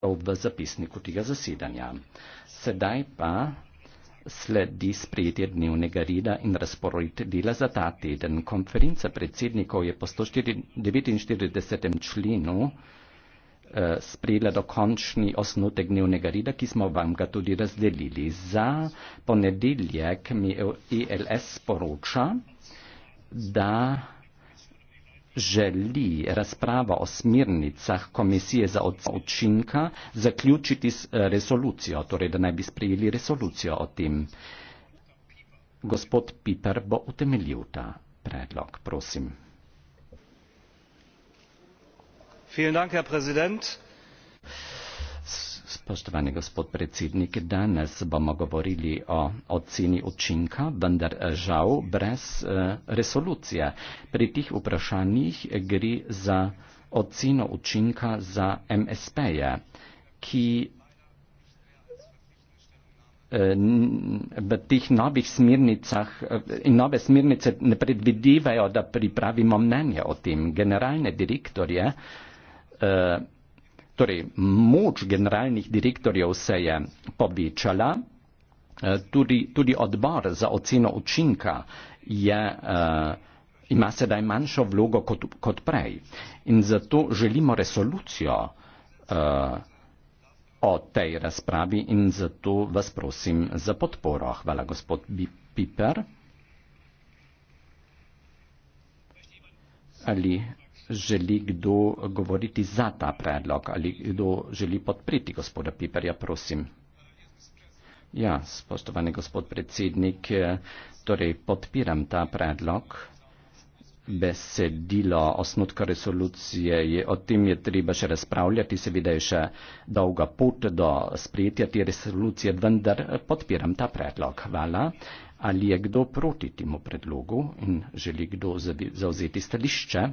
prav v zapisniku tega zasedanja. Sedaj pa sledi sprejetje dnevnega reda in razporoditev dela za ta teden. Konferenca predsednikov je po 149. členu eh, sprejela dokončni osnutek dnevnega reda, ki smo vam ga tudi razdelili. Za ponedeljek mi ELS sporoča, da želi razpravo o smernicah komisije za učinka zaključiti s eh, resolucijo, torej da naj bi sprejeli resolucijo o tem. Gospod Piper bo utemeljil ta predlog, prosim. Vielen Dank, Herr Präsident. Spoštovani gospod predsednik, danes bomo govorili o oceni učinka, vendar eh, žal brez eh, resolucije. Pri tih vprašanjih gre za oceno učinka za MSP-je, ki eh, v teh novih smernicah in nove smernice ne predvidevajo, da pripravimo mnenje o tem. Generalne direktorje Torej, moč generalnih direktorjev se je povečala, eh, tudi, tudi odbor za oceno učinka je, eh, ima sedaj manjšo vlogo kot, kot prej. In zato želimo resolucijo eh, o tej razpravi in zato vas prosim za podporo. Hvala, gospod Piper. Ali želi kdo govoriti za ta predlog ali kdo želi podpreti gospoda Piperja, prosim. Ja, spoštovani gospod predsednik, torej podpiram ta predlog. Besedilo osnutka resolucije je, o tem je treba še razpravljati, seveda je še dolga pot do sprejetja te resolucije, vendar podpiram ta predlog. Hvala. Ali je kdo proti temu predlogu in želi kdo zavzeti stališče?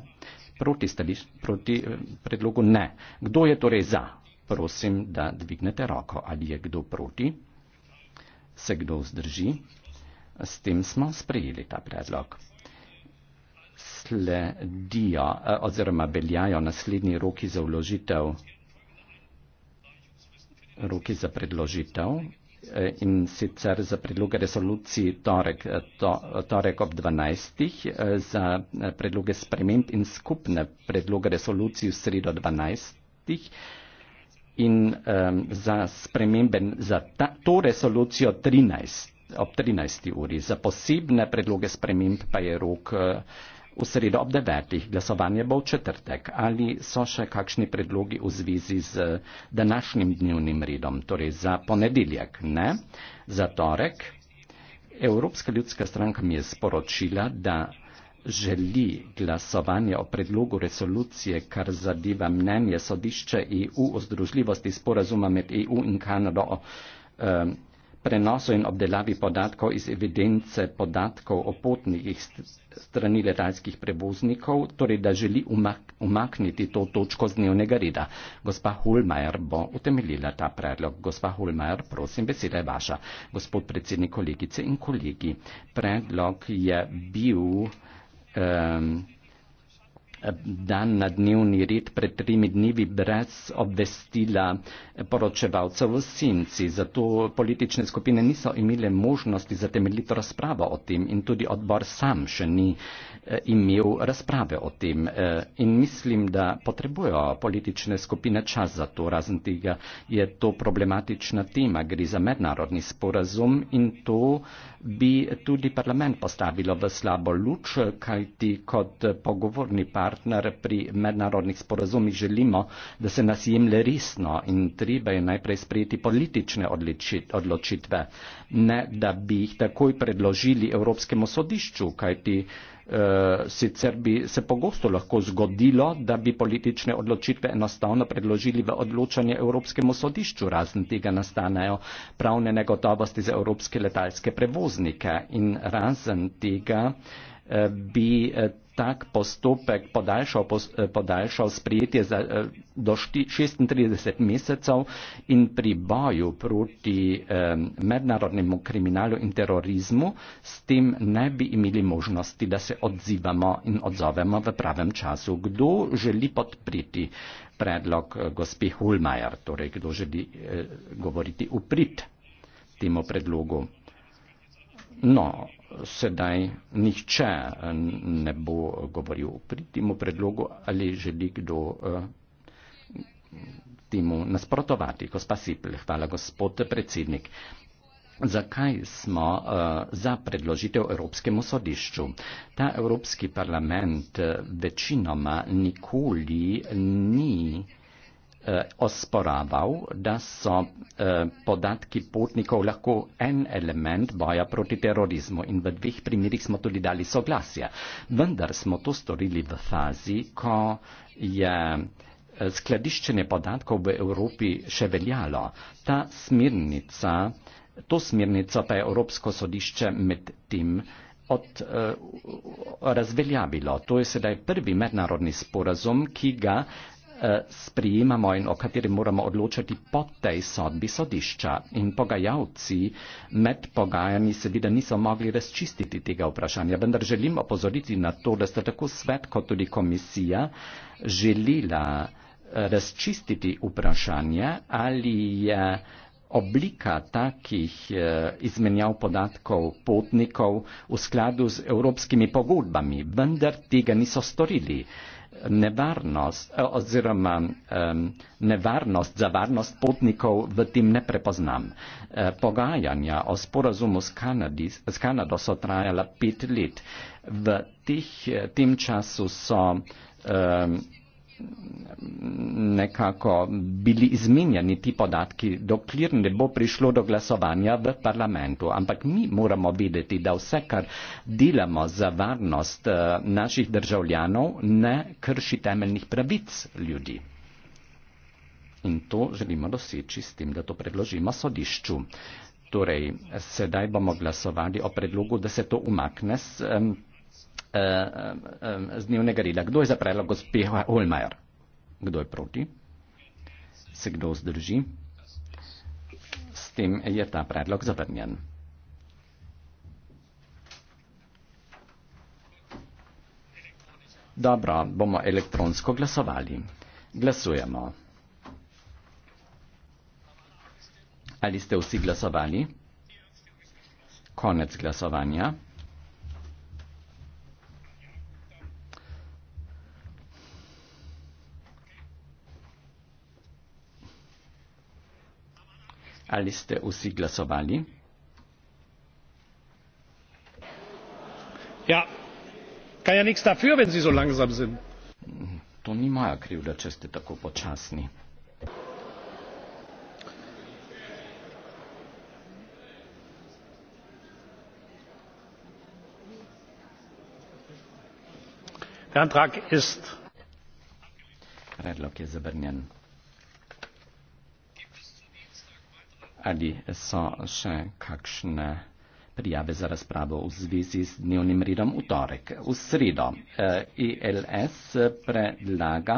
proti, stališ, proti eh, predlogu ne. Kdo je torej za? Prosim, da dvignete roko. Ali je kdo proti? Se kdo vzdrži? S tem smo sprejeli ta predlog. Sledijo eh, oziroma veljajo naslednji roki za vložitev. Roki za predložitev Eh, in sicer za predloge resoluciji torek, eh, to, torek ob 12. Eh, za predloge sprememb in skupne predloge resoluciji v sredo 12. in um, za spremembe za ta, to resolucijo 13, ob 13. uri. Za posebne predloge sprememb pa je rok uh, V sredo ob devetih glasovanje bo v četrtek. Ali so še kakšni predlogi v zvezi z današnjim dnevnim redom, torej za ponedeljek? Ne. Za torek Evropska ljudska stranka mi je sporočila, da želi glasovanje o predlogu resolucije, kar zadeva mnenje sodišče EU o združljivosti sporazuma med EU in Kanado o um, prenosu in obdelavi podatkov iz evidence podatkov o potnikih strani letalskih prevoznikov, torej da želi umak umakniti to točko z dnevnega reda. Gospa Hulmajer bo utemeljila ta predlog. Gospa Hulmajer, prosim, beseda je vaša. Gospod predsednik, kolegice in kolegi, predlog je bil. Um, dan na dnevni red pred trimi dnevi brez obvestila poročevalcev v Sinci. Zato politične skupine niso imele možnosti za temeljito razpravo o tem in tudi odbor sam še ni eh, imel razprave o tem. Eh, in mislim, da potrebujo politične skupine čas za to. Razen tega je to problematična tema. Gre za mednarodni sporazum in to bi tudi parlament postavilo v slabo luč, kajti kot pogovorni par partner pri mednarodnih sporazumih želimo, da se nas jemlje resno in treba je najprej sprejeti politične odločitve, ne da bi jih takoj predložili Evropskemu sodišču, kajti uh, sicer bi se pogosto lahko zgodilo, da bi politične odločitve enostavno predložili v odločanje Evropskemu sodišču, razen tega nastanejo pravne negotovosti za evropske letalske prevoznike in razen tega eh, bi eh, tak postopek podaljšal, eh, podaljšal sprejetje za, eh, do 36 mesecev in pri boju proti eh, mednarodnemu kriminalu in terorizmu s tem ne bi imeli možnosti, da se odzivamo in odzovemo v pravem času. Kdo želi podpreti predlog eh, gospe Hulmajer, torej kdo želi eh, govoriti uprit temu predlogu? No, sedaj nihče eh, ne bo govoril pri temu predlogu ali želi kdo eh, temu nasprotovati. Gospa Sipl, hvala gospod predsednik. Zakaj smo uh, za predložitev Evropskemu sodišču? Ta Evropski parlament večinoma nikoli ni uh, Eh, osporaval, da so eh, podatki potnikov lahko en element boja proti terorizmu in v dveh primerjih smo tudi dali soglasje. Vendar smo to storili v fazi, ko je eh, skladiščenje podatkov v Evropi še veljalo. Ta smernica, to smernico pa je Evropsko sodišče med tem od uh, razveljavilo. To je sedaj prvi mednarodni sporazum, ki ga uh, Eh, sprijemamo in o kateri moramo odločati po tej sodbi sodišča. In pogajalci med pogajanji seveda niso mogli razčistiti tega vprašanja, vendar želim opozoriti na to, da sta tako svet kot tudi komisija želila eh, razčistiti vprašanje, ali je oblika takih eh, izmenjav podatkov potnikov v skladu z evropskimi pogodbami, vendar tega niso storili nevarnost eh, oziroma nevarnost za varnost potnikov v tem ne prepoznam. Eh, pogajanja o sporazumu s, Kanadis, s Kanado so trajala pet let. V tih, eh, tem času so um, nekako bili izmenjani ti podatki, dokler ne bo prišlo do glasovanja v parlamentu. Ampak mi moramo vedeti, da vse, kar delamo za varnost eh, naših državljanov, ne krši temeljnih pravic ljudi. In to želimo doseči s tem, da to predložimo sodišču. Torej, sedaj bomo glasovali o predlogu, da se to umakne. S, um, Eh, eh, eh, z dnevnega reda. Kdo je za predlog gospeha Olmajer? Kdo je proti? Se kdo zdrži? S tem je ta predlog zavrnjen. Dobro, bomo elektronsko glasovali. Glasujemo. Ali ste vsi glasovali? Konec glasovanja. Ali ste vsi glasovali? Ja, kaj je ja nič dafür, wenn Sie so langsam sind? To ni moja krivda, če ste tako počasni. Der Antrag ist. Redlock ist zabrnjen. ali so še kakšne prijave za razpravo v zvezi z dnevnim redom v torek. V sredo ILS eh, e predlaga,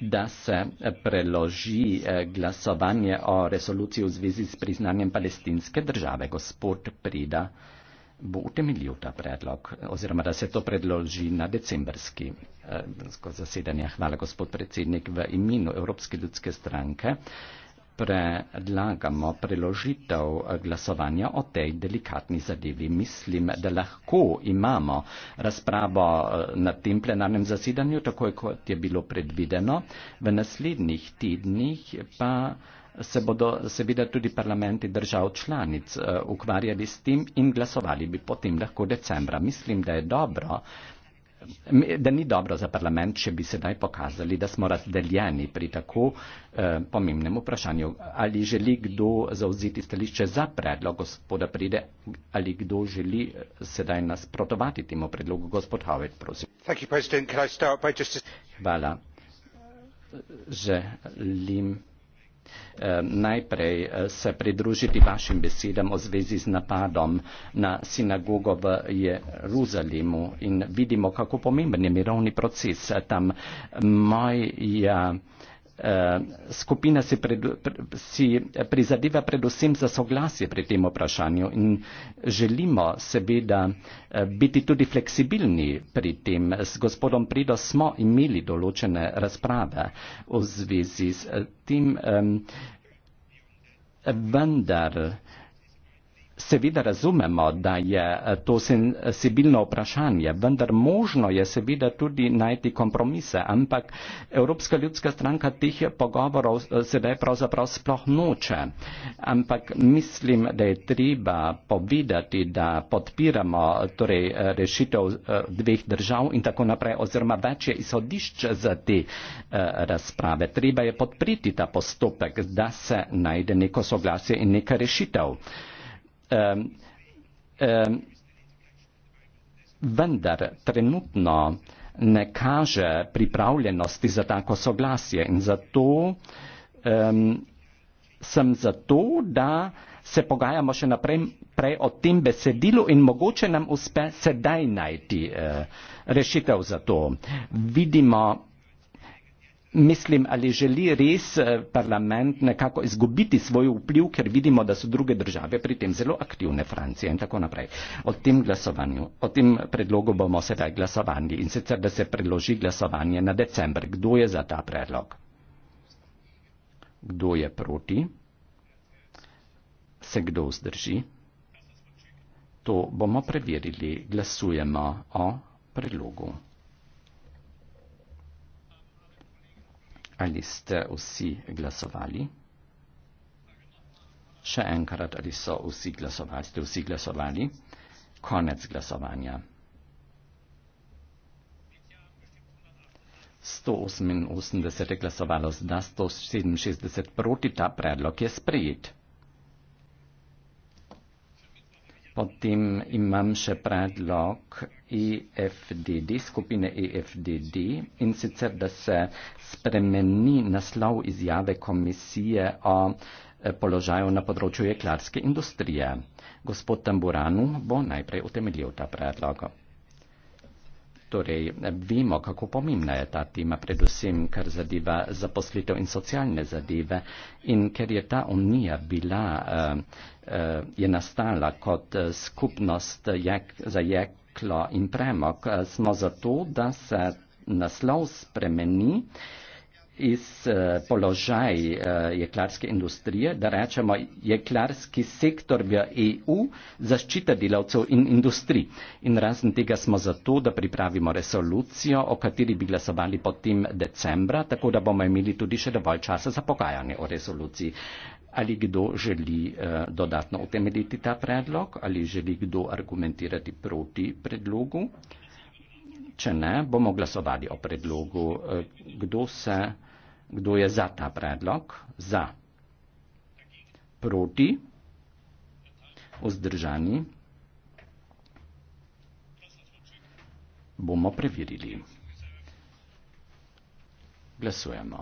da se preloži eh, glasovanje o resoluciji v zvezi s priznanjem palestinske države. Gospod Prida bo utemeljil ta predlog oziroma da se to predloži na decembrski eh, zasedanje. Hvala, gospod predsednik, v imenu Evropske ljudske stranke predlagamo preložitev glasovanja o tej delikatni zadevi. Mislim, da lahko imamo razpravo eh, na tem plenarnem zasedanju, tako kot je bilo predvideno. V naslednjih tednih pa se bodo seveda tudi parlamenti držav članic eh, ukvarjali s tem in glasovali bi potem lahko decembra. Mislim, da je dobro, da ni dobro za parlament, če bi sedaj pokazali, da smo razdeljeni pri tako eh, pomembnem vprašanju. Ali želi kdo zauzeti stališče za predlog gospoda Pride, ali kdo želi eh, sedaj nasprotovati temu predlogu, gospod Havet, prosim. Hvala. Želim. Eh, najprej eh, se pridružiti vašim besedam o zvezi z napadom na sinagogo v Jeruzalemu in vidimo, kako pomemben je mirovni proces eh, tam. Moja eh, skupina si, pred, si prizadeva predvsem za soglasje pri tem vprašanju in želimo seveda eh, biti tudi fleksibilni pri tem. S gospodom Prido smo imeli določene razprave v zvezi s eh, tem, eh, vendar eh, Seveda razumemo, da je eh, to sensibilno vprašanje, vendar možno je seveda tudi najti kompromise, ampak Evropska ljudska stranka teh pogovorov eh, sedaj pravzaprav sploh noče. Ampak mislim, da je treba povedati, da podpiramo eh, torej, rešitev dveh držav in tako naprej, oziroma več je izhodišče za te razprave. Treba je podpriti ta postopek, da se najde neko soglasje in neka rešitev um, um, vendar trenutno ne kaže pripravljenosti za tako soglasje in zato um, sem za to, da se pogajamo še naprej prej o tem besedilu in mogoče nam uspe sedaj najti uh, rešitev za to. Vidimo, mislim, ali želi res eh, parlament nekako izgubiti svoj vpliv, ker vidimo, da so druge države pri tem zelo aktivne, Francija in tako naprej. O tem glasovanju, o tem predlogu bomo sedaj glasovali in sicer, da se predloži glasovanje na decembr. Kdo je za ta predlog? Kdo je proti? Se kdo vzdrži? To bomo preverili. Glasujemo o predlogu. Ali ste vsi glasovali? Še enkrat, ali so vsi glasovali? Ste vsi glasovali? Konec glasovanja. 188 je glasovalo za, 167 proti ta predlog je sprejet. Potem imam še predlog EFDD, skupine EFDD in sicer, da se spremeni naslov izjave komisije o eh, položaju na področju jeklarske industrije. Gospod Tamburanu bo najprej utemeljil ta predlog. Torej, vemo, kako pomembna je ta tema, predvsem kar zadeva zaposlitev in socialne zadeve. In ker je ta unija bila, eh, eh, je nastala kot eh, skupnost jek, za jeklo in premog, smo zato, da se naslov spremeni iz uh, položaj uh, jeklarske industrije, da rečemo jeklarski sektor v EU zaščita delavcev in industrij. In razen tega smo zato, da pripravimo resolucijo, o kateri bi glasovali potem decembra, tako da bomo imeli tudi še dovolj časa za pogajanje o resoluciji. Ali kdo želi uh, dodatno utemeljiti ta predlog, ali želi kdo argumentirati proti predlogu? Uh, Če ne, bomo glasovali o predlogu. Eh, kdo, se, kdo je za ta predlog? Za. Proti. Vzdržani. Bomo preverili. Glasujemo.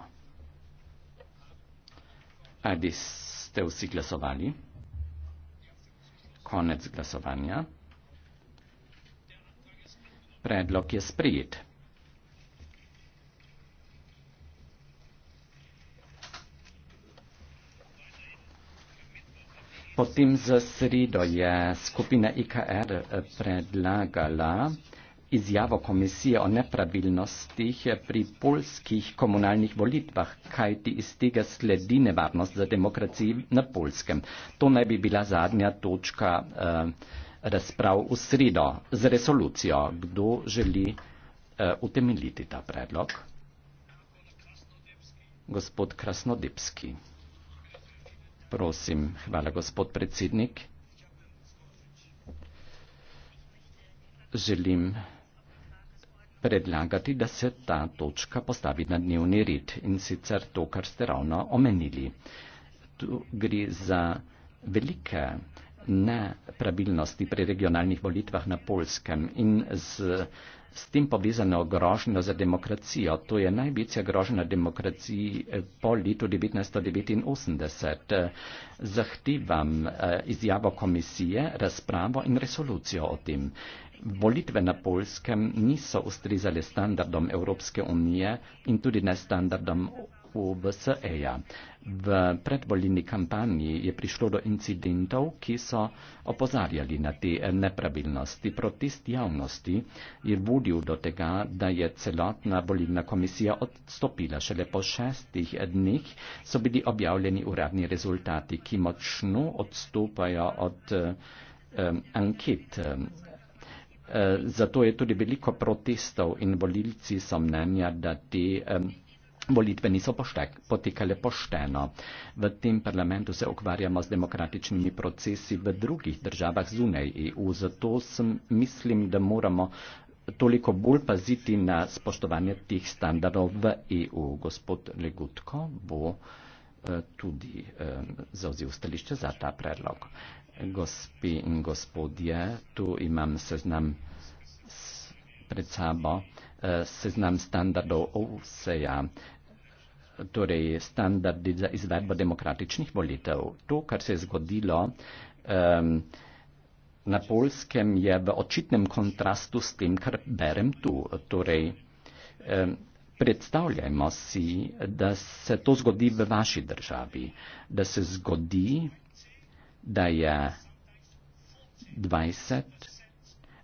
Ali ste vsi glasovali? Konec glasovanja. Predlog je sprejet. Potem za sredo je skupina IKR eh, predlagala izjavo komisije o nepravilnostih pri polskih komunalnih volitvah, kaj ti iz tega sledi nevarnost za demokraciji na polskem. To naj bi bila zadnja točka. Uh, razprav v sredo z resolucijo. Kdo želi eh, utemeljiti ta predlog? Gospod Krasnodebski. Prosim, hvala, gospod predsednik. Želim predlagati, da se ta točka postavi na dnevni red in sicer to, kar ste ravno omenili. Tu gre za velike nepravilnosti pri regionalnih volitvah na Polskem in z, s tem povezano grožnjo za demokracijo. To je največja grožnja demokraciji eh, po letu 1989. Zahtevam eh, izjavo komisije, razpravo in resolucijo o tem. Volitve na Polskem niso ustrezale standardom Evropske unije in tudi ne standardom v VSE-ja. V predvoljeni kampanji je prišlo do incidentov, ki so opozarjali na te nepravilnosti. Protest javnosti je vodil do tega, da je celotna volilna komisija odstopila. Šele po šestih dneh so bili objavljeni uradni rezultati, ki močno odstopajo od eh, anket. E, zato je tudi veliko protestov in volilci so mnenja, da te eh, Volitve niso poštek, potekale pošteno. V tem parlamentu se ukvarjamo z demokratičnimi procesi v drugih državah zunaj EU, zato sem, mislim, da moramo toliko bolj paziti na spoštovanje teh standardov v EU. Gospod Legutko bo eh, tudi eh, zauzel stališče za ta predlog. Gospi in gospodje, tu imam seznam pred sabo. Eh, Eh, seznam standardov OVSE-ja, torej standardi za izvedbo demokratičnih volitev. To, kar se je zgodilo na Polskem, je v očitnem kontrastu s tem, kar berem tu. Torej, predstavljajmo si, da se to zgodi v vaši državi, da se zgodi, da je 20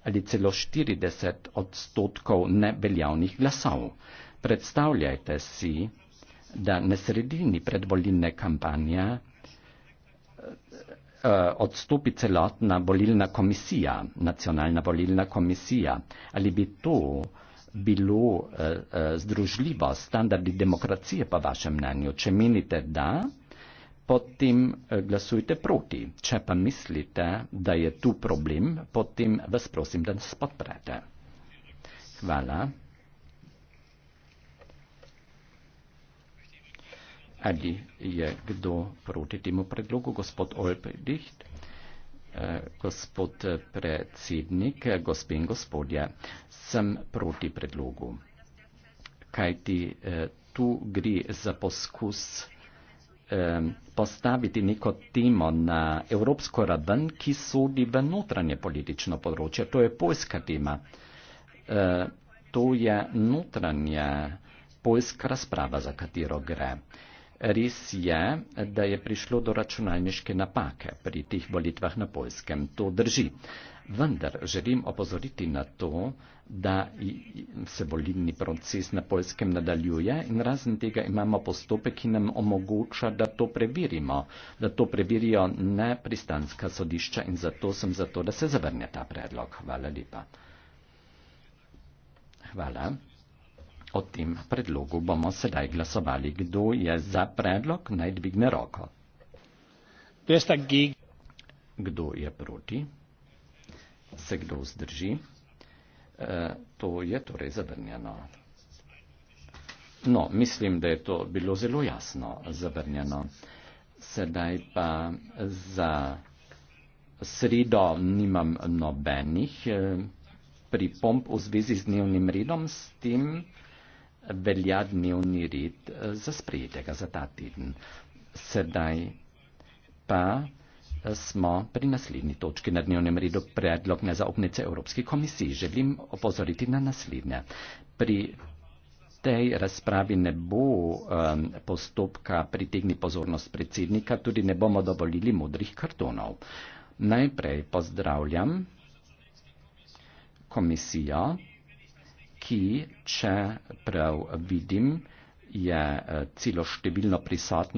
ali celo 40 odstotkov neveljavnih glasov. Predstavljajte si, da na sredini predvolilne kampanje eh, eh, odstopi celotna volilna komisija, nacionalna volilna komisija. Ali bi to bilo eh, združljivo s standardi demokracije, pa vašem mnenju? Če menite da, potem eh, glasujte proti. Če pa mislite, da je tu problem, potem vas prosim, da nas podprete. Hvala. Ali je kdo proti temu predlogu? Gospod Olbricht, eh, gospod eh, predsednik, gospe in gospodje, sem proti predlogu. Kajti tu gre za poskus Eh, postaviti neko temo na evropsko raven, ki sodi v notranje politično področje. To je poljska tema. Eh, to je notranje poljska razprava, za katero gre. Res je, da je prišlo do računalniške napake pri teh volitvah na poljskem. To drži. Vendar želim opozoriti na to, da se volilni proces na Poljskem nadaljuje in razen tega imamo postopek, ki nam omogoča, da to preverimo, da to preverijo nepristanska sodišča in zato sem za to, da se zavrne ta predlog. Hvala lepa. Hvala. O tem predlogu bomo sedaj glasovali. Kdo je za predlog, naj dvigne roko. Kdo je proti? se kdo vzdrži, eh, to je torej zabrnjeno. No, mislim, da je to bilo zelo jasno zabrnjeno. Sedaj pa za sredo nimam nobenih eh, pripomp v zvezi z dnevnim redom, s tem velja dnevni red eh, za sprejetega za ta teden. Sedaj pa smo pri naslednji točki na dnevnem redu predlog na zaupnice Evropske komisiji. Želim opozoriti na naslednje. Pri tej razpravi ne bo um, postopka pritegni pozornost predsednika, tudi ne bomo dovolili modrih kartonov. Najprej pozdravljam komisijo, ki, če prav vidim, je eh, celo številno prisotna.